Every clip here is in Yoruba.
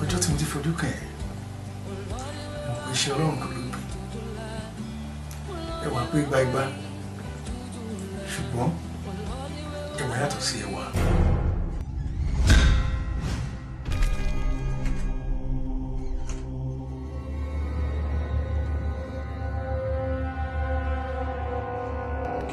ọjọ́ tí mo ti fojú kàn ẹ́ mo pè ṣe ọlọ́run kan ló gbé ẹwà pé gbaigba ṣùgbọ́n ẹwà yàtọ̀ sí ẹwà.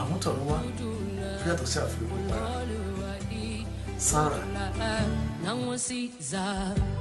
àwọn tọ̀rọ̀ wá yàtọ̀ sí àfihàn sára.